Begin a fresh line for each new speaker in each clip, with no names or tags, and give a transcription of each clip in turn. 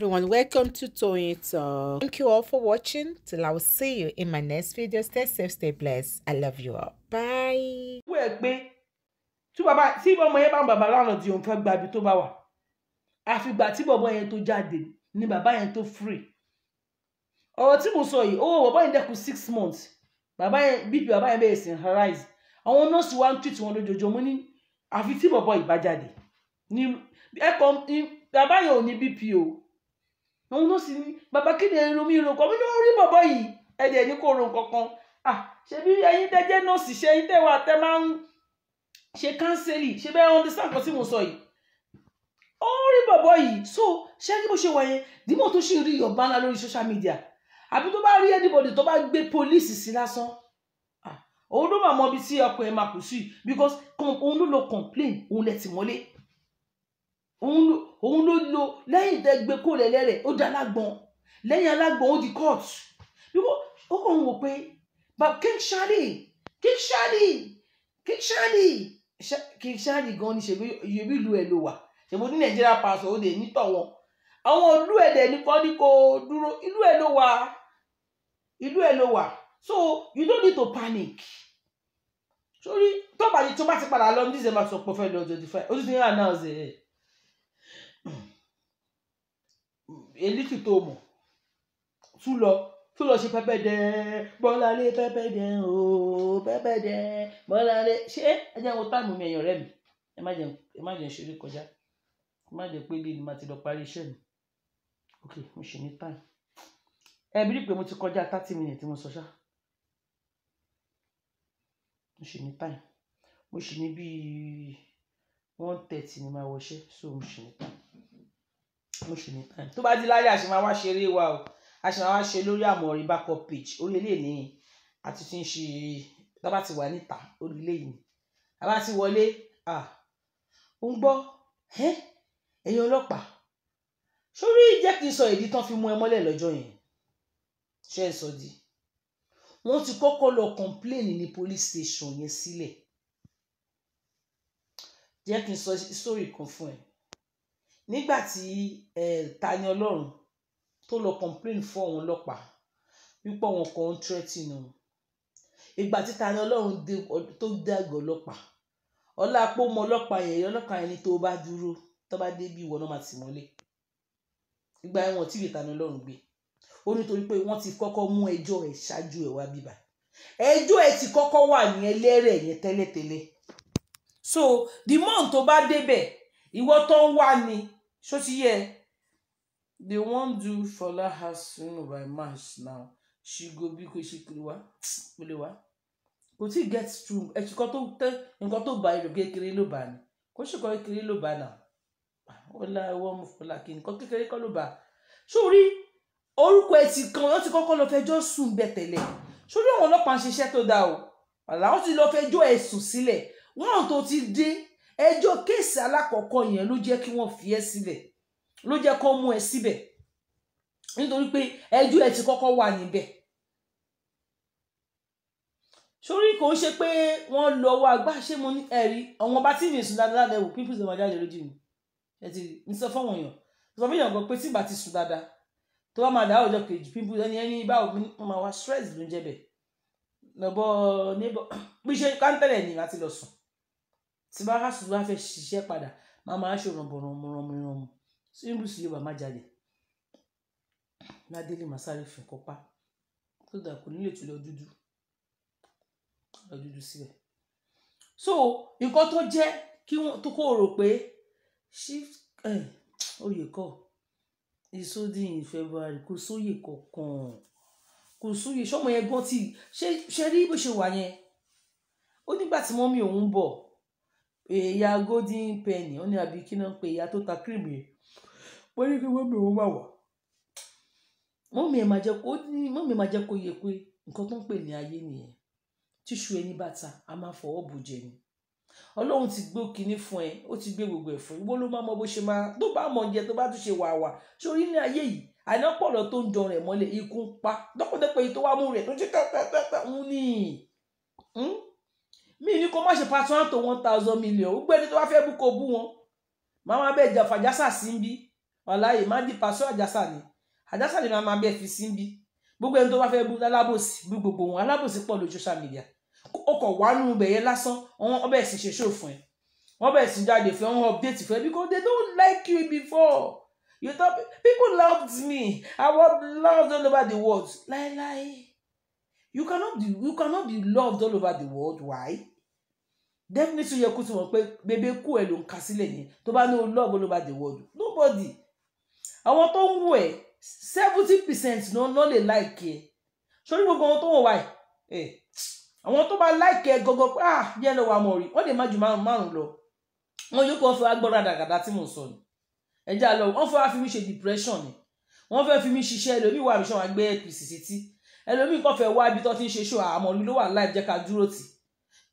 everyone welcome to Toyeen Talks thank you all for watching till i will see you in my next video stay safe stay blessed i love you all bye. wọ́n ẹ pé tí bàbá tí ọmọ yẹn bá ń bàbá lánàá tí òun fẹ́ gba ibi tó bá wà àfìgbà tí bàbá yẹn tó jáde ni bàbá yẹn tó free ọ̀rọ̀ tí mo sọ yìí owó bàbá yẹn dẹ́kun six months bàbá yẹn bp bàbá yẹn bẹ̀rẹ̀ sí rise àwọn nọ́ọ̀sì wa ń tweet wọn lójoojúmọ́ ní àfi tí bàbá yìí bá jáde ní ẹ̀kọ́ bàbá yẹn ò ní bp o òun ló sì ní bàbá kí ni ẹnu mi rò kọ́ mi ló rí bọ̀bọ̀ yìí ẹ̀jẹ̀ ní kò rò kankan ah, à ṣebí ẹ̀yin tẹ́jẹ́ nọ́ọ̀sì ṣe ẹ̀yin tẹ́wà tẹ́ máa ń ṣe kánsẹ́lì ṣe bẹ́ẹ̀ understand kan tí mo sọ yìí ó rí bọ̀bọ̀ yìí so ṣé kí mo ṣe wọ̀nyẹn dìbò tó ṣì rí ọ̀bá ńlá lórí social media àbí tó bá rí anybody tó bá gbé pólíìsì sí lásán ah, òun ló mà mọ ibi tí ọkọ ẹ máa kù sí because òun ló lọ complain òun lẹ tì mọ́lé òun ló lo lẹ́yìn ìdẹ́gbẹ́ kó lẹ́lẹ́ rẹ̀ ó di alágbọ̀n lẹ́yìn alágbọ̀n ó di court wíwọ́ ó kàn ń wò pé king shari king shari king shari king shari gan ni ṣèbí ìyẹ̀bí ìlú ẹ̀ ló wà ṣèbí ní nàìjíríà pàṣẹ ó lè nítọ̀ wọn àwọn ìlú ẹ̀ dẹ̀ nìkan ni kò dúró ìlú ẹ̀ ló wà ìlú ẹ̀ ló wà so you don't need to panic sórí tó bá ti padà lọ ní december tó pọ̀ fẹ́ lọ twenty five ó ti ti ń announce ẹ̀ èlítù tó mọ̀ tún lọ tún lọ ṣe pẹpẹdẹ bọ́láńlé pẹpẹdẹ ooo pẹpẹdẹ bọ́láńlé ṣé ẹ jẹ́ wo táìmù mi ẹ̀yàn rẹ̀ mi ẹ má jẹ́ ẹ má jẹ́ ìṣeré kọjá ẹ má jẹ́ pé bí ni màá ti lọ parí iṣẹ́ mi ok mo ṣì ní táìmù ẹ bí rí pé mo ti kọjá thirty minutes mo sọ ṣá mo ṣì ní táìmù mo ṣì ní bíi one thirty ni màá wọṣẹ́ so mo ṣì ní táìmù mo ṣì ní time tó bá di lálẹ́ àṣẹ máa wá wa o àṣẹ máa wá ṣe lórí Àmọ̀rí backup page orí eléyìí ni àti ti ń ṣe tábà ti wà níta orí eléyìí ni àbá ti wọlé ò ń gbọ́ ẹ̀yin ọlọ́pàá sórí jẹ́ kí n sọ ìdí tán fi mú ẹ mọ́lẹ̀ lọ́jọ́ yẹn ṣe é sọ di wọ́n ti kọ́kọ́ lọ kọ́ńpléènì ní police station yẹn sílẹ̀ jẹ́ kí n sọ sórí kan fún ẹ nígbà tí Tani Ọlọ́run tó lọ complain fún àwọn ọlọ́pàá wípé àwọn kan ń threatening òun ìgbà tí Tani Ọlọ́run tó dàgbà ọlọ́pàá ọlá pé ọmọ ọlọ́pàá yẹn ọlọ́pàá yẹn ni tó bá dúró tó bá dé bí ìwọ náà máa tì mọ́lé ìgbà ẹ̀wọ̀n tí ìrètà ni Ọlọ́run gbé ó nítorí pé wọ́n ti kọ́kọ́ mú ẹjọ́ ẹ̀ ṣáájú ẹ̀ wá bíbá ẹjọ́ ẹ̀ ti kọ́kọ́ wà ní ẹlẹ́rẹ̀ yẹn tẹ́lẹ̀tẹ́lẹ̀ so the month tó bá débẹ̀ ìwọ tó ń wá ni So ti yẹ they wan do Fola house funeral by March now she go be kò ṣe kiri wá kiri wá kò tí get through ẹ̀sùn kan tó tẹ nǹkan tó bá ìlú kékeré ló bá ní kò ṣe kan kékeré ló bá náà ó la ẹwọ́ ọmọ Fọlá kí nǹkan kékeré kan Sorry, bá sórí orúkọ ẹ ti kan wọn ti kọ́kọ́ lọ fẹjọ́ sùn bẹ tẹ́lẹ̀ sórí àwọn ọlọ́pàá ń ṣiṣẹ́ tó dáa o àlà wọn ti lọ fẹjọ́ ẹ̀sùn sílẹ̀ wọn tó ti dé ẹjọ́ kéèsì alákọ̀ọ́kọ́ yẹn ló jẹ́ kí wọ́n fi ẹ́ síbẹ̀ ló jẹ́ kó mú ẹ síbẹ̀ nítorí pé ẹjọ́ ẹ ti kọ́kọ́ wà níbẹ̀ sórí kò ń ṣe pé wọ́n lọ ọwọ́ agbá ṣé mo ní ẹ̀rí ọ̀wọ́n bá tí mi sùn dáadáa lẹ́wọ̀ pípùs lè máa jáde lójú mi ẹ ti ń sọ fọ́wọ́n èèyàn sọ fún èèyàn gan pé tí ìgbà ti sùn dáadáa tó bá máa dá ọjọ́ kejì pípùs ẹni ẹni báwo mo máa wá stress ló ń jẹ́ bẹ̀ lọ́bọ̀ níbọ̀ bí ṣe káńtẹ̀lẹ̀ ni láti lọ sùn tí bá hásù bá fẹ́ ṣiṣẹ́ padà máa máa ṣòrànbọ̀ rànmùrànmùrànmù síbù sí yorùbá má jalè ládélé má sáré fún kọ́pá tó dà kò nílè tó lọ dúdú lọ dúdú síbẹ̀ so nǹkan tó jẹ́ kí wọ́n tó kó rò pé shift oyè kọ́ ìsódìyìn february kò sóyè kankan kò sóyè sọmọ yẹn gan ti ṣe rí bó ṣe wà yẹn ó nígbà tí mọ́mí òun bọ̀ ìyá golden penny ó ní àbí kí náà ń pe ìyá tó ta cream yẹn wọ́n ní kí wọ́n mi wọ́n wà wá mọ́mí ẹ̀ máa jẹ́ kó yẹ pé nǹkan ní ayé nìyẹn tíṣu ẹni bàtà a máa fọwọ́ bù jẹ ni ọlọ́run ti gbó kinní fún ẹ ó ti gbé gbogbo ẹ̀ fún ẹ wọ́n ló máa mọ bó ṣe máa tó bá mọ jẹ tó bá tún ṣe sórí ní ayé yìí àná tó ń jọ rẹ̀ ikú pa èyí tó wá mú rẹ̀ tó mi ní kó má ṣe part one one thousand million ó gbẹ́ni tó bá fẹ́ bú kó bú wọn màá máa bẹ́ẹ̀ jà fàjásà sí ń bí wàláyé má di pàṣọ àjásà ni àjásà ni màá máa bẹ́ẹ̀ fi sí ń bí gbogbo ẹni tó bá fẹ́ bú alábòsí bú gbogbo wọn alábòsí pọ̀ lójú social media ó kọ̀ wánú ibẹ̀ yẹn lásán wọ́n bẹ̀ẹ̀ sì ṣe show fún ẹ wọ́n bẹ̀ẹ̀ sì jáde fún ẹ wọ́n update fún ẹ because they don't like you before you talk people loved me I was loved all over the world láéláé. Like, like you cannot be you cannot be loved all over the world why definitely yẹ kó tí wọn pé bébé kú ẹ ló ń ka sílẹ̀ yẹn tó bá ní o love all over the world nobody àwọn tó ń wù ẹ seventy percent náà náà lè like ẹ sórí gbogbo àwọn tó wọ̀ wáyé ẹ eh, àwọn tó bá like ẹ gọgọ pé ah yẹn lọ wà mọ̀ rí wọ́n lè má ju márùn márùn lọ wọn yóò kó wọn fi wá gbọ́dọ̀ àdàgàdà tí mò ń sọ ni ẹ̀jẹ̀ àlọ́ wọn fẹ́ wá fi mí ṣe depression ni wọ́n fẹ́ fi mí ṣiṣẹ́ lómi wà mí sọ wá gbé apc sétí ẹlòmíì kò fẹ́ wá ibi tó ti ń ṣe ṣó àmọ́ ah, ló wà láì jẹ́ ká dúró tì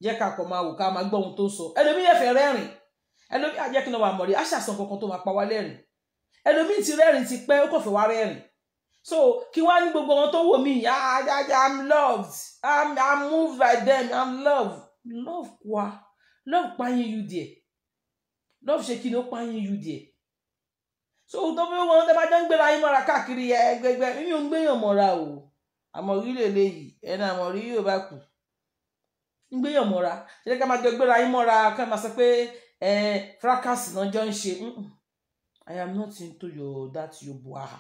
jẹ́ ká kọ̀ máa wò ká máa gbọ́ ohun tó ń sọ ẹlòmíì yẹ fẹ́ rẹ́rìn ẹlòmíì àjẹ́ ah, kí n wà mọ̀rí àṣàsàn kankan tó máa pa wá lẹ́rìn ẹlòmíì ti rẹ́rìn ti pẹ́ ó kò fẹ́ wá rẹ́rìn so kí wá ní gbogbo wọn tó wò mí ah, i'm loved i'm i'm moved by them i'm loved love wa love pààyàn you there love ṣe kí ni ó pààyàn you there so tó fi wọn tẹ bá jẹ́ ń gbéra yín mọ́ra káàkiri ẹgbẹgbẹ mi ò ń gbéyàn mọ́ra o àmọ̀rí lèlè yìí ẹni àmọ̀rí yóò bá kù nígbéyàn mọ́ra ṣe ká máa jọ gbéra yín mọ́ra ká máa sọ pé fracas náà jọ ń ṣe I am not into your that your buaha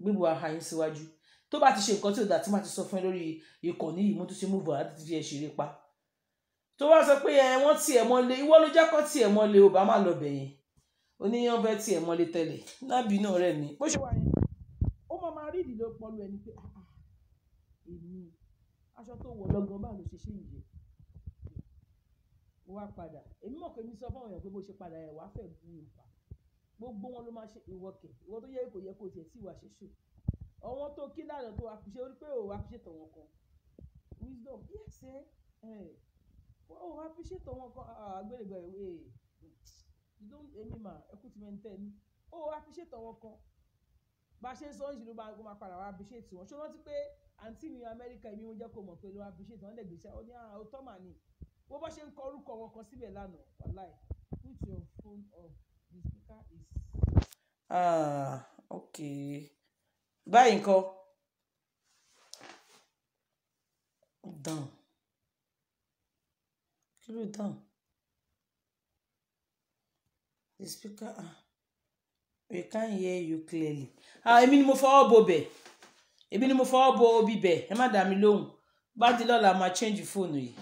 gbé buaha yín síwájú tó bá ti ṣe nǹkan tí ò dà tí màá ti sọ fún ẹ lórí ìkànnì yìí mo tún ti mú bọ̀ láti fi ẹ ṣeré pa tó wá sọ pé ẹ wọ́n tiẹ̀ mọ́lé ìwọ ló jẹ́ kọ́ tiẹ̀ mọ́lé bá má lọ bẹ̀yẹn oníyàn fẹ́ tiẹ̀ mọ́lé tẹ́lẹ̀ nábìínú rẹ̀ ni bó ṣe wà yẹn ó máa máa rí ìdílé ọpọlọ ẹni pé àà ah, ah, èmi aṣọ tó wọ̀ lọ́gán báwo ló ṣe ṣe yìí mo wá padà èmi mọ̀ pé mi sọ fáwọn èèyàn pé bó ṣe padà ẹ̀ wá fẹ́ bu ìpa gbogbo wọn ló máa ṣe ìwọkẹ̀ ìwọ tó yẹ kò yẹ kó tiẹ̀ sí ìwà ṣẹṣù ọwọ́n tó kí lànà tó wà fiṣe orí pé ò wá fiṣe tọ̀wọ̀n kan wisdom yes ẹ ẹ ò wá fiṣe tọ̀wọ̀n kan àgbẹ̀rẹ̀gbẹ̀ ah, ah, ẹ ìdó èmi mà ẹkú ti mẹ́ntẹ́ ni ò wá fiṣe tọ̀wọ̀n kan bá a ṣe ń sọ ń ṣe ló máa padà wá fiṣe tiwọn ṣó rántí pé àǹtí mi amẹ́ríkà èmi mo jẹ́ kó mọ̀ pé ló appreciate wọn dẹ̀gbẹ́sẹ̀ ó ní àwọn ah, ọtọ́ mà ni wọ́n bá ṣe ń kọ orúkọ wọn kan síbẹ̀ lánàá wàláì put your phone off the speaker is. ah okay báyìí nǹkan dàn kí ló dàn the speaker ah we can't hear you clearly ah èmi ni mo fọwọ́ bo bẹ̀. Ebi ni mo fọwọ́ bo obì bẹ̀ ẹ má dà mí lóhùn bá di lọ́la máa change fóònù yìí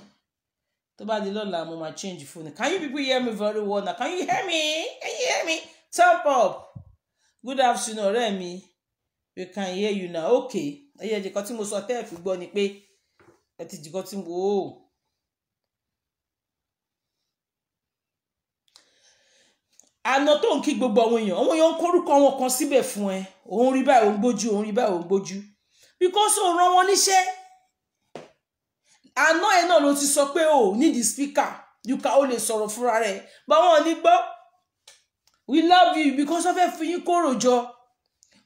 tó bá di lọ́la mo máa change fóònù can you people hear me very well now can you hear me can you hear me top up good afternoon ọ̀rẹ́ mi we can hear you now okay ẹyẹ ẹ̀jẹ̀kan tí mo sọ tẹ́ ẹ̀ fi gbọ́ ni pé ẹ ti jìkan tí mo ó. àna tó ń kí gbogbo àwọn èèyàn àwọn èèyàn ń kórúkọ wọn kan síbẹ̀ fún ẹ òun rí báyìí òun gbójú òun rí báyìí òun gbójú because ó rán wọn níṣẹ́ àná ẹ̀ náà ló ti sọ pé o nídìí speaker yuka ó lè sọ̀rọ̀ fúnra rẹ̀ báwọn ní gbọ́ we love you because of fẹ́ fi yín kóró jọ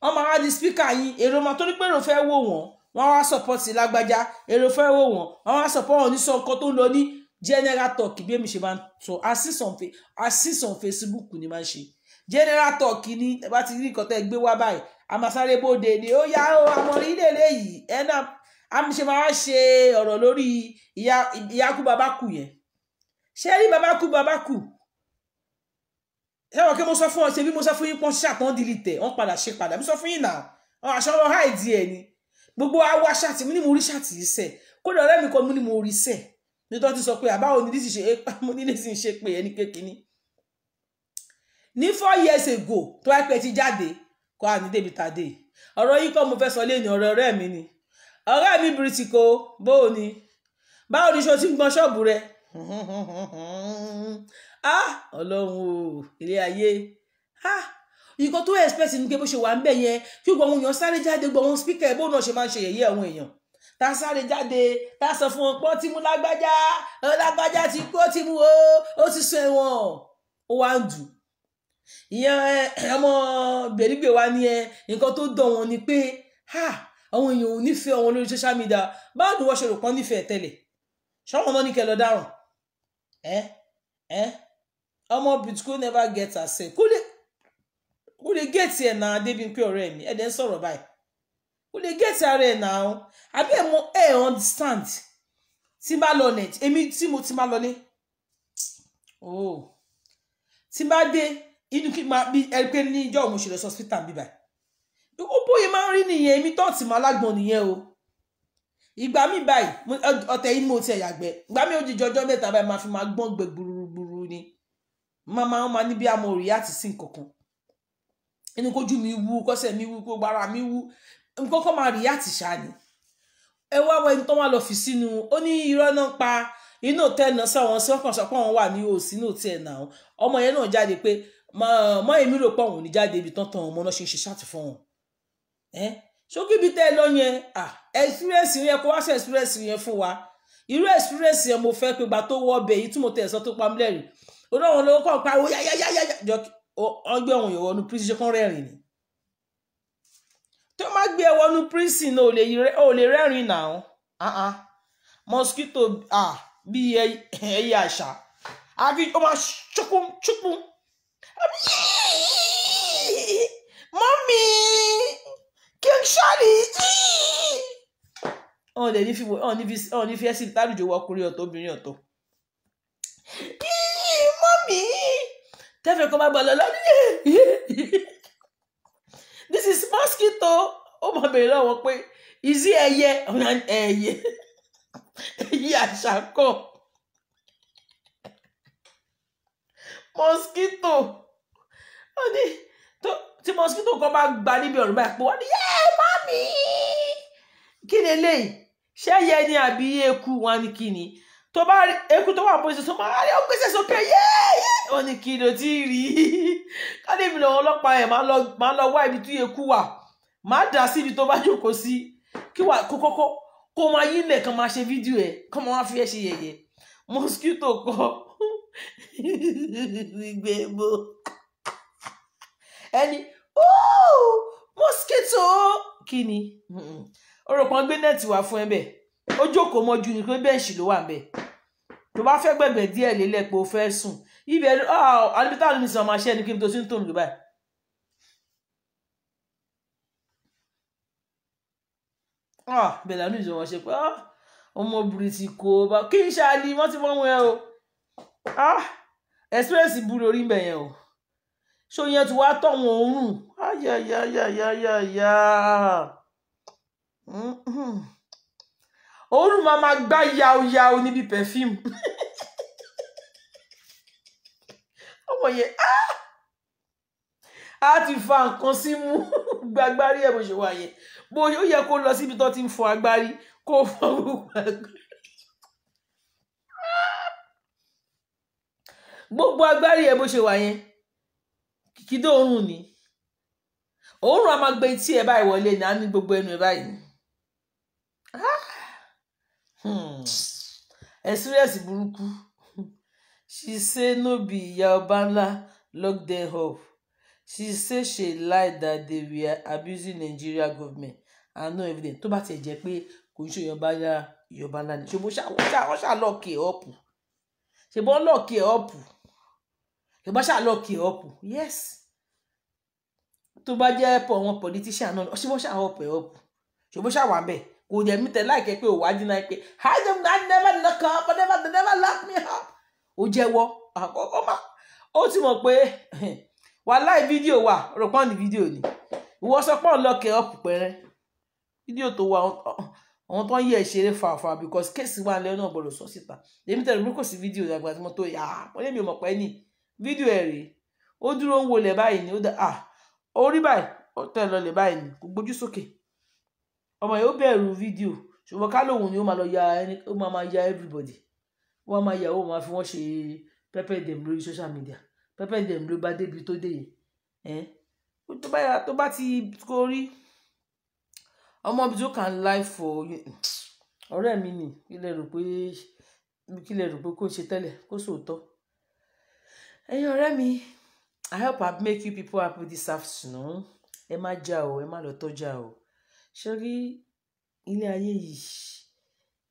wọ́n máa wá di speaker yín èrò máa torí pé èrò fẹ́ wò wọ́n wọ́n wá sọ̀pọ̀tì lágbájá èrò fẹ́ wò wọ́n wọ́n wá sọ̀pọ̀ wọn ní sọ nǹkan tó ń lọ ní general talk bí èmi ṣe máa ń sọ I see some Facebook ni máa ń general talk ni ẹ bá ti rí nǹkan tẹ́ gbé wá báyìí a ni ó yá o àmọ̀rí lèlè yìí ẹ náà a ṣe máa ṣe ọ̀rọ̀ lórí ìyákú babakú yẹn ṣé rí babakú babakú ṣé wọn kí mo sọ fún ọ ṣe bí mo sọ fún yín pọn ṣàtàn dìlìtẹ wọn padà ṣe padà mo sọ fún yín náà àwọn aṣọ ọlọ háìdì ẹ ni gbogbo awa ṣàtì mo ní mo rí ṣàtì yìí sẹ kódà ọ̀rẹ́ mi kan mo ní mo rí sẹ nítorí sọ pé àbáwo ni dísì ṣe é pa mo ní sì ń ṣe pé ẹni kékeré Ni four years ago tó wáá pẹ́ ti jade ko àní débi tàdé ọ̀rọ̀ yìí kọ́ mo fẹ́ sọ léèní ọ̀rọ̀ ọ̀rẹ́ mi ni ọ̀rẹ́ mi bìrìtìkọ bóò ni báwo ni ṣo ti ń gbọ́n ṣọ́ọ̀bù ah ọlọ́run o ilé ayé ah nǹkan tó expect ni pé bó ṣe wà ń bẹ̀ yẹn kí gbọ̀n èèyàn sáré jáde gbọ̀n ohun speaker ẹ̀ bó náà ṣe máa ń ṣe yẹ̀yẹ́ àwọn èèyàn tá a sáré jáde tá a sọ fún ọpọ́ tí mú lágbájá lágbájá ti kó tí mú o ó ti sọ ẹ̀wọ̀n ó wá ń ìyẹn ọmọ gbèrígbè wa ni ẹ nǹkan tó dán wọn ni pé àwọn èèyàn ò nífẹ̀ẹ́ wọn lórí social media báwo ni wọ́n ṣe rò pọ́n nífẹ̀ẹ́ tẹ́lẹ̀ ṣọ́wọ́n náà ní kẹ́ lọ dáràn ẹ ẹ ọmọ bitcoin never get herself kó lè kó lè géètì ẹ̀ náà Adébímpé ọ̀rẹ́ mi ẹ̀ dẹ̀ ń sọ̀rọ̀ báyìí kó lè géètì ara ẹ̀ náà àbí ẹ̀ mọ ẹ̀ understand tí bá lọ net èmi tí mo ti máa lọ ní oh. tí bá dé inú kí máa bí ẹ pé ní ìjọ òun ṣèlè hospital bíbá ó bóyá máa ń rí nìyẹn èmi tó ti máa lágbọn nìyẹn o ìgbà mi báyìí ọ̀tẹ̀ yìí mo ti ẹ̀yà gbẹ ìgbà mi ó di jọjọ́ mẹ́ta báyìí máa fi máa gbọ́n gbẹ gburugburu ni máa máa máa níbi àmọ́ òrì àti sí nkankan inú kojú mi wú kọ́sẹ̀ mi wú gbogbo ara mi wú nǹkan kan máa rí àti ṣáni ẹ wá wọ ẹni tó wá lọ fi sínú ó ní irọ́ náà pa inú òtẹ́ náà sọ wọn sí wà ní òsínú òtẹ́ náà ọmọ yẹn náà jáde pé mọ́ èmi rò pọ̀ òun ní jáde ibi tán tán ọmọ náà ṣe ń ṣe ṣáàtì fún wọn ṣókí ibi tẹ́ ẹ lọ yẹn experience yẹn kó wá ṣe experience yẹn fún wa irú experience yẹn mo fẹ́ pé gba tó wọ́ ọbẹ̀ yìí tí mo tẹ̀ sọ tó pa mí lẹ́rìn olóhùn ló kọ́ pariwo yáyáyáyá jọ ọgbẹ́ òun yòówọ́nu prison ṣe kán rẹ́rìn ni tó má gbé ẹwọ́nu prison náà ò lè rẹ́rìn náà mosquito ah, bíi ẹyẹ àṣà àfi ó máa ṣókùn ṣókùn mọ́mí kí n ṣọ́ọ̀rì ọ̀n lè ní fi ọ̀n ní fi ẹ̀sìn lálùjọ wọ ọkùnrin ọ̀tọ̀ obìnrin ọ̀tọ̀ mọ́mí tẹ́fẹ̀ẹ́ kan máa gbà lọ lọ́dún yẹn this is mosquito Oh ó máa bèrè lọ́wọ́ pé ìsí ẹyẹ ẹyẹ ẹyẹ àṣàkọ mosquito ó ní tí mosquito kan bá gba níbi ọ̀rùn báyìí pé wọ́n ní mami kí ni eléyìí ṣẹ́yẹ ni àbí eku wọn ni kí ni tó bá rí eku tó wà bóyá sọ́kọ́ àárẹ̀ ó gbèsè sókè yéèyé ó ní kí ló ti rí kádé mi lọ́wọ́ ọlọ́pàá yẹn máa lọ wá ibi tí eku wà máa dà sí ibi tó bá jókòó sí kí wà kó kọ́kọ́ kó máa yílẹ̀ kan máa ṣe fídíò ẹ̀ kó máa fi ẹ̀ ṣe yẹ̀yẹ̀ mosquito ko. gbẹ̀gbọ́ ẹni ooo mosquito kini ni ó rò pọ́n gbé nẹ́ẹ̀tì wá fún ẹ bẹ́ẹ̀ ó jókòó mọ́jú ni pé bẹ́ẹ̀ṣì ló wà bẹ́ẹ̀ tó bá fẹ́ gbẹ̀gbẹ̀ díẹ̀ lélẹ̀ pé o fẹ́ sùn ibẹ̀ alibita ló ní sọ máa ṣe ẹni kí n tó sí ń tòun lóba. bẹ́ẹ̀ lánàá ìjọba ṣe pé ah, ọmọbìnrin ti kó o bá kí n ṣáà ní wọ́n ti mọ́ wọn ẹ o ah, express burú orí ń bẹ̀yẹn o ṣòyẹn ti wá tọ̀wọ̀n òórùn ayayayayaya òórùn mm-hmm. máa ma gbá yaoyao níbi pẹ̀fíìmù ọmọ yẹn á ah! ti fa nǹkan sí mú gbàgbárí ẹ̀ bó ṣe wà yẹn bó ó yẹ kó lọ síbi tó ti ń fọ agbárí kó fọ ah! gbogbo agbárí. gbogbo agbárí ẹ̀ bó ṣe wà yẹn kìkìdé òórùn ni òórùn a máa gbé etí ẹ báyìí wọlé ní á ní gbogbo ẹnu ẹ báyìí experience ah! hmm. burúkú she say no be ìyá ọba ńlá lock them up she say she lie that they were abusing Nigeria government and no evidence tó bá tiẹ̀ jẹ́ pé kò ń ṣe ìyọba ńlá ìyọba ńlá ni ṣe bó ṣàlọ́ọ̀kì ẹ̀ ọ̀pù ṣe bó lọ́ọ̀kì ẹ̀ ọ̀pù ẹ bá ṣáà lọ kì ọpù yes tó bá jẹ́ pọ̀ wọn politician náà ọṣẹ bó ṣáà ọpù ẹ e ọpù ṣùgbọ́n ṣáà wà kò jẹ́ mi tẹ̀ láìkẹ́ pé òwá jìnnà pé I dem I never knock up I never never lock me up ó jẹ́wọ́ àkọ́kọ́ mà ó ti mọ̀ pé wàhálà fídíò wà rò pọ́n ní fídíò ni ìwọ sọ pọ́n lọ́kẹ́ ọ̀pù e pẹ́rẹ́ fídíò tó wà àwọn tó ń yẹ ìṣeré fàáfà because case wà lẹ́nu ọ̀gbọ̀dọ̀ sọ síta èmi tẹ̀lé mi kò sí fídíò àgbà tí mo tó yà á wọ́n lé mi ò mọ̀ pẹ́ nìyí fídíò ẹ̀ rèé ó dúró ń wọlé báyìí ni ó dá à orí báyìí ó tẹ̀ lọlẹ̀ báyìí ni kò gbójú sókè ọmọ yìí ó bẹ̀rù fídíò ṣùgbọ́n ká lóun ni ó máa lọ ya ẹni ó máa máa ya everybody wọ́n máa yà ó máa fi wọ́n ṣe pẹ́pẹ́ dem lórí social media pẹ́pẹ́ dem ló bá débi tó dé yìí ẹ́ tó bá tó bá ti kórí ọmọ ibi tó live for ọ̀rẹ́ mi nì kí lè rò pé kí lè rò pé kó ṣe tẹ́lẹ̀ kó sòótọ́ ẹ̀yin ọ̀rẹ́ mi i hope i make you people happy this afternoon ẹ má jà o ẹ má lọ tọ́jà o ṣé rí ilé ayé yìí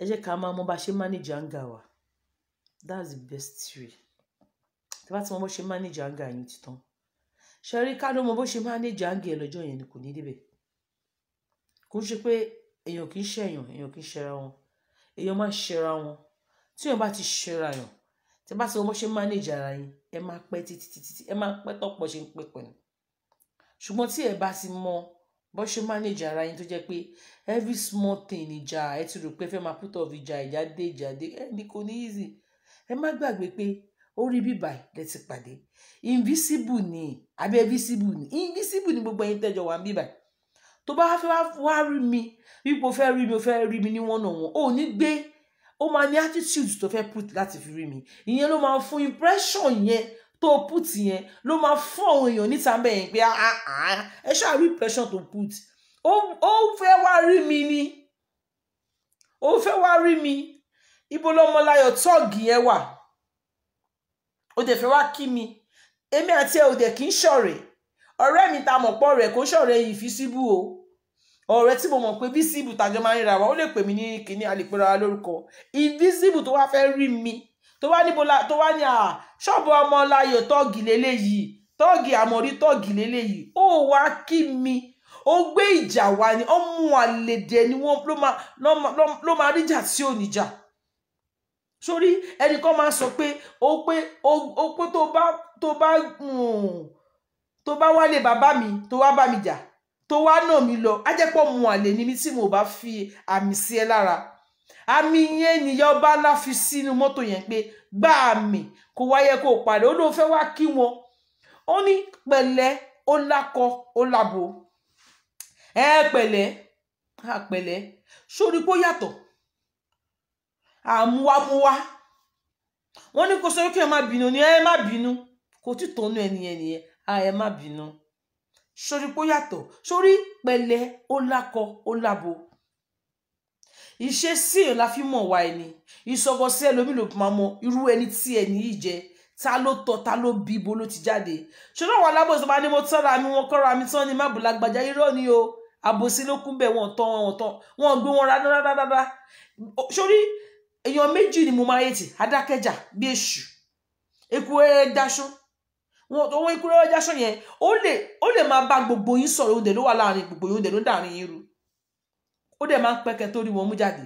ẹ jẹ́ ká máa mọ bá ṣe manage anger wa that's the best way tí bá ti mọ bó ṣe manage anger yín ti tán ṣe rí ká ló mọ bó ṣe manage anger ẹ lọ́jọ́ yẹn ni kò ní débẹ̀ kò ń ṣe pé èèyàn kì í ṣẹ̀yàn èèyàn kì í ṣẹra wọn èèyàn máa ń ṣẹra wọn tí èèyàn bá ti ṣẹra yàn tí bá sọ bó ṣe manage ara yín ẹ máa pẹ́ títí títí ẹ máa pẹ́ tọ́pọ̀ ṣe ń pẹ́ pẹ̀lú ṣùgbọ́n tí ẹ bá ti mọ bó ṣe manage ara yín tó jẹ́ pé every small thing ìjà ẹ ti rò pé fẹ́ máa put off ìjà ìjà dé ìjà dé ẹ ní kò ní easy ẹ má gbàgbé pé orí bíbà lẹ ti pàdé invisible ni àbí invisible ni invisible ni gbogbo ẹ̀yin tẹjọ wà ń bíbà tó bá fẹ́ wá rí mi wípé o fẹ́ rí mi o fẹ́ rí mi ní wọ́n náà wọ́n ò ní gbé ó máa ní attitude tó fẹ́ put láti fi rí mi ìyẹn ló máa fún impression yẹn tó put yẹn ló máa fún àwọn èèyàn níta bẹ́ẹ̀ pé ah, ah, ah, ẹ ṣáà rí impression tó put ó fẹ́ wá rí mi ni ó fẹ́ wá rí mi ibo lọmọláyọ̀ tọ́ọ̀gì yẹn wà ó dẹ̀ fẹ́ wá kí mi èmi àti ẹ̀ ò dẹ̀ kí ń ṣọ̀rẹ́ ọ̀rẹ́ mi ta mọ̀ pọ̀ rẹ̀ kó ṣọ̀rẹ́ yìí fi síbú o ọ̀rẹ́ tí mo mọ̀ pé visible tàjọ máa ń ríra wa ó lè pè mí ní kíní àlèpẹ̀rẹ̀ wa invisible tó wá fẹ́ rí mi tó wá níbo la tó wá ní à ṣọ́ọ̀bù ọmọ láyò tọ́ọ̀gì lélẹ́yìí tọ́ọ̀gì àmọ́rí tọ́ọ̀gì lélẹ́yìí ó wá kí mi ó gbé ìjà wá ni ó mú àlèdè ni wọ́n ló máa ríjà tí ò níjà sórí ẹnìkan máa sọ pé ó pé ó pé tó bá tó bá hmm, tó bá wálé bàbá mi tó wá bá mi jà tó wá nà mí lọ á jẹ́ pọ̀ mu àlè ni mi tí mo bá fi àmì sí ẹ lára àmì yẹn nìyá ọba ńlá fi sínú mọ́tò yẹn pé gbá àmì kó wáyé kó parí ó lóun fẹ́ wá kí wọn ó ní pẹ̀lẹ́ ó lákọ ó lábo ẹ pẹ̀lẹ́ à pẹ̀lẹ́ sórí pó yàtọ̀ àmúwámúwá wọ́n ní kó sọ pé kí ẹ má bínú ni ẹ ma binu. kò tí tó nu ẹnìyẹn nìyẹn à ẹ má bínú sórí pó yàtọ̀ sórí pẹ̀lẹ́ ó lákọ ó lábo ìṣesí èèyàn la fi mọ̀ wá ẹni ìsọ̀bọ̀ sí ẹlòmíì ló máa mọ irú ẹni tí ẹni yìí jẹ ta ló tọ́ ta ló bí ibo ló ti jáde ṣùgbọ́n àwọn alábòsí bá ní mo tọ́ra mi wọn kọ́ra mi tán ni mábùlá gbàjá ni o àbòsí ló kún bẹ́ẹ̀ wọ́n tán wọ́n tán wọ́n gbé wọn rárá rárá sórí èèyàn méjì ni mo máa yẹ ti adákẹ́jà bí èṣù èkú ẹ̀ẹ́dáṣún wọn tó wọn Equal Realization yẹn ó lè ó lè máa bá gbogbo yín sọ̀rọ̀ òun dẹ̀ ló wà láàrin gbogbo yín òun dẹ̀ ló dàrin yín ru ó dẹ̀ máa ń pẹ́kẹ́ tó rí wọn mú jáde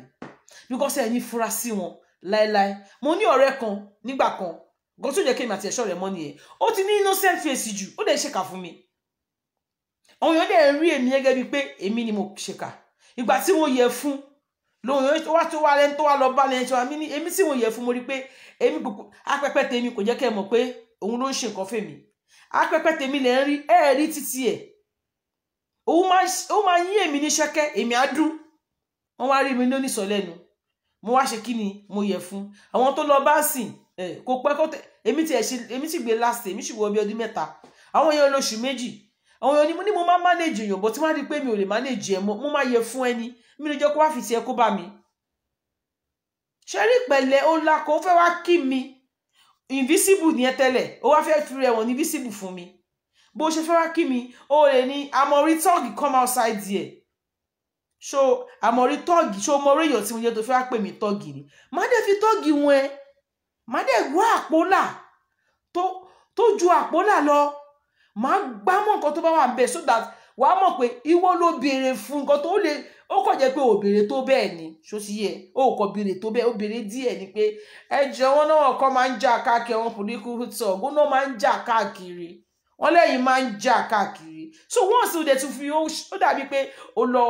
because ẹ̀yin fura sí wọn láéláé mo ní ọ̀rẹ́ kan nígbà kan gan tó yẹ kí èmi àti ẹ̀ṣọ́ rẹ̀ mọ́ nìyẹn ó ti ní innocent face jù ó dẹ̀ ṣèkà fún mi àwọn èèyàn dẹ̀ rí èmi gẹ́gẹ́ bíi pé èmi ni mo ṣèkà ìgbà tí wọ́n yẹ fún lóhun yóò wá tó wá lẹ́ni tó wá lọ bá lẹ́ni tí wọ́n mi ní èmi tí wọ́n yẹ fún mo rí pé èmi gbogbo apẹ́pẹ́ tèmi kò jẹ́ kẹ́ mọ̀ pé òun ló ń ṣe nǹkan fèmí apẹpẹ tèmi lè ń rí ẹ rí títí ẹ òun máa yí èmi ní ṣẹkẹ èmi á dún wọn wá rí mi lónìí sọ lẹ́nu mo wá ṣe kí ni mo yẹ fún àwọn tó lọ bá sìn kò pẹ́ kó tẹ èmi ti ẹṣin èmi gbé last èmi sì wọ bí ọdún mẹ́ta àwọn èèyàn lóṣù méjì àwọn èèyàn ní mo máa manage èèyàn bó tí wọ́n di pé mi ò lè manage ẹ mo máa yẹ fún ẹni mi lè jẹ́ kó wá fi tiẹ̀ kó bá mi ṣe rí pẹ̀lẹ́ ó lakọ ó fẹ́ wá kí mi invisible ni ẹ tẹ́lẹ̀ ó wá fẹ́ fi rẹ̀ wọ̀n ní visible fún mi bó ṣe fẹ́ wá kí mi ó lè ní amọ̀rí tọ́ọ̀gì come outside here so amọ̀rí tọ́ọ̀gì so mo réyàn tí mo jẹ́ tó fẹ́ wá pè mí tọ́ọ̀gì ni má dẹ̀ fi tọ́ọ̀gì wọn ẹ má dẹ̀ wá àpólà to tó ju àpólà lọ má gbámọ̀ nǹkan tó bá wà ń bẹ̀ so that wàá mọ̀ pé ìwọ ló béèrè fún nǹkan tó lè ó kàn jẹ́ pé òbèrè tó bẹ́ẹ̀ ni ṣòsì yẹ ó kàn bèrè tó bẹ́ẹ̀ òbèrè díẹ̀ ni pé ẹ̀jẹ̀ wọn náà kọ́ máa ń jà káàkiri àwọn pòlíkùtù ọ̀gbọ́n náà máa ń jà káàkiri wọn lẹ́yìn máa ń jà káàkiri so once o dẹ̀ tún fi ó dàbí pé o lọ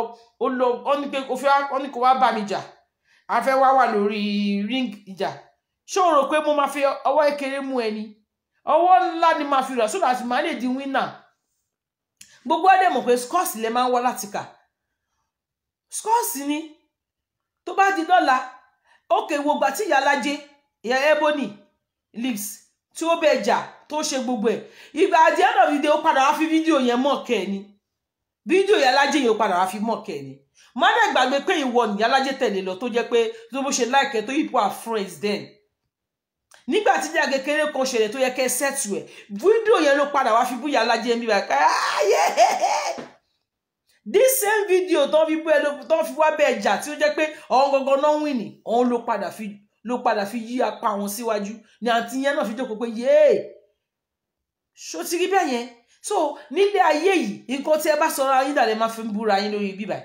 o lọ ọ ní pé o fẹ́ ọ ní kó wá bá mi jà a fẹ́ wá wà lórí ring ìjà ṣé o rò pé mo máa fi ọwọ́ kékeré mú ẹni ọwọ́ ńlá ni máa fi rà so that màá lè di winner gbogbo ẹ̀dẹ̀ mọ̀ pé scores lè máa ń wá láti kà scores ni to ba di dọ́là Okay, wo gbà tí ìyálájé ìyá ebony lips tí ó bẹ jà tó ṣe gbogbo ẹ̀ ìgbà àti end of the day ó padà wá fi video yẹn mọ̀ kẹ́ ẹ̀ ni fídíò ìyálájé yẹn ó padà wá fi mọ̀ kẹ́ ni má dẹ̀ gbàgbé pé ìwọ ni ìyálájé tẹ̀lé lọ tó jẹ́ pé tó bó ṣe láìkẹ́ tó yípo our friends then nígbà tí ìjà kékeré kan ṣẹlẹ̀ tó yẹ kẹ́ sẹ́tù we. Video yẹn lo padà wá fi bú ìyálájé ń bí wá ká ah, yeah this same video tó fi bú ẹ ló tó fi wá bẹ́ẹ̀ jà tí ó jẹ́ pé ọ̀hún gangan náà wìn ní ọ̀hún ló padà fi ló padà fi yí apá wọn síwájú ni àǹtí yẹn náà fi jókòó pé yéè ṣó ti rí bẹ́ẹ̀ yẹn so nílé ayé yìí nǹkan tí ẹ bá sọra yín dàlẹ́ máa fi ń búra yín lórí bíbá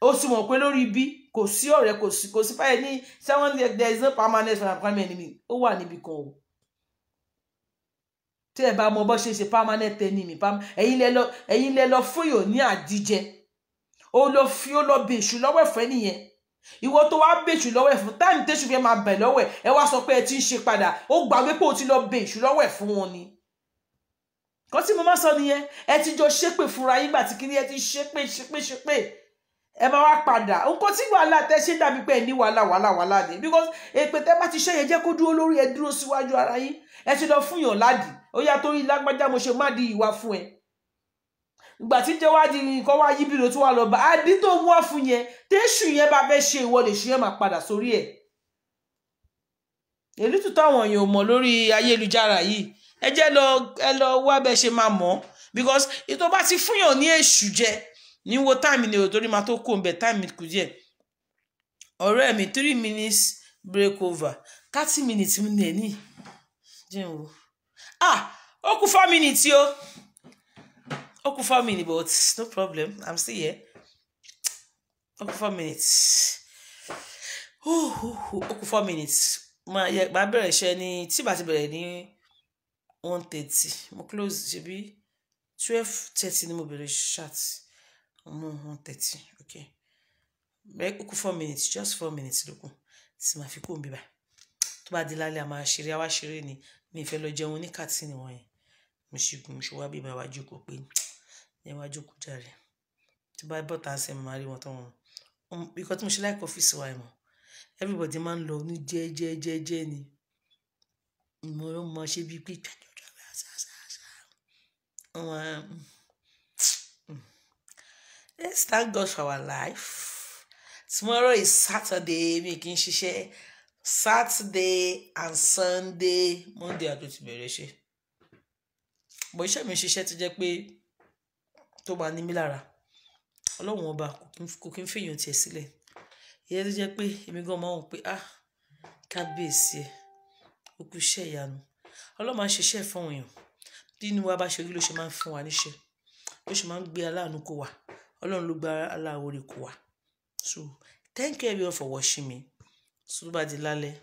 ó sì mọ̀ pé lórí bí kò sí ọ̀rẹ́ kò sí kò sí fáyẹ̀ ní seven days there is no permanent for an appointment ó wà níbi kan o tí ẹ bá mọ bó ṣe ṣe permanent ni ẹ̀yin pam lọ ẹ̀yin lẹ lọ fún yòó ní àdíjẹ ó lọ fi ó lọ bèṣù lọ́wọ́ ẹ̀fọ́ nìyẹn ìwọ tó wá bèṣù lọ́wọ́ ẹ̀fún táìmù tẹ́ṣù fẹ́ máa bẹ̀ lọ́wọ́ ẹ̀ ẹ wá sọ pé ẹ ti ń ṣe padà ó gbàgbé pé ó ti lọ bèṣù lọ́wọ́ ẹ̀ fún wọn ni kan tí mo máa sọ nìyẹn ẹ ti jọ ṣépè fúnra yín gbà tí kí ni ẹ ti ṣépè ṣépè ṣépè ẹ máa wá padà nǹkan tí wàhálà tẹ ṣe dàbí pé ẹ ní wàhálà wàhálà wàhálà ni because èpè tẹ bá ti ṣe yẹn jẹ́ kó dúró lórí ẹ dúró síwájú ara yín ẹ ti lọ fún yàn ládìí ó yá torí lágbájá mo ṣe má di ìwà fún ẹ ìgbà tí jẹ́ wá di nǹkan wá yí bìrò tó wà lọ bá àdí tó mú wá fún yẹn téṣù yẹn bá fẹ́ ṣe ìwọ lè ṣe yẹn máa padà sórí ẹ̀ èlú tó táwọn èèyàn mọ̀ lórí ayélujára yìí ẹ jẹ́ lọ ẹ lọ wá bẹ́ ṣe máa mọ̀ because ètò bá ti fún yàn ní èṣù jẹ ní wo táìmì ni òtò rí máa tó kó nbẹ táìmì kù díẹ̀ ọ̀rẹ́ mi three minutes break over thirty minutes mi nẹ̀ ní jẹun o ah oku four minutes yo Oku four minutes but no problem i'm still here Oku four minutes ó kù four minutes màá bẹ̀rẹ̀ iṣẹ́ ní tí bá ti bẹ̀rẹ̀ ní one thirty mo close ṣebí twelve thirty ni mo bẹ̀rẹ̀ chat mo one thirty okay bẹ́ẹ̀ oku four minutes just four minutes ló kù tí màá fi kú òun bíbá tó bá di lálẹ́ àmọ́ àṣírí àwa àṣírí ni mi fẹ́ lọ jẹun ní kàtìnì wọn yẹn mo ṣì gùn mo ṣe wá bí màá wá jókòó pé ẹ wá jókòó jàre tí bá bọ̀ tá a sẹ́ màá rí wọn tán wọn ikọ̀ tí mo ṣe láìpẹ́ ọ́fíìsì wa mọ̀ everybody máa ń lọ ní jẹ́jẹ́jẹ́jẹ́ ni mo ló mọ ṣe bíi pé let's thank God for our life tomorrow is Saturday mi kì í ṣiṣẹ́ saturday and sunday monday àdó ti bẹ̀rẹ̀ ṣe bọ̀ iṣẹ́ mi ṣiṣẹ́ ti jẹ́ pé tó máa ní mí lára ọlọ́run ọba kò kí n fèèyàn tiẹ̀ sílẹ̀ ìyẹn tó jẹ́ pé èmi gan máa ń pè ah kábíyèsí ẹ̀ ó kú iṣẹ́ ìyanu ọlọ́run máa ń ṣiṣẹ́ fún èèyàn bí inú wa bá ṣe rí ló ṣe máa ń fún wa níṣẹ́ ló ṣe máa ń gbé aláàánú kó wa ọlọ́run ló gba aláwo rẹ̀ kó wa so thank you everyone for watching me tó bá di lálẹ́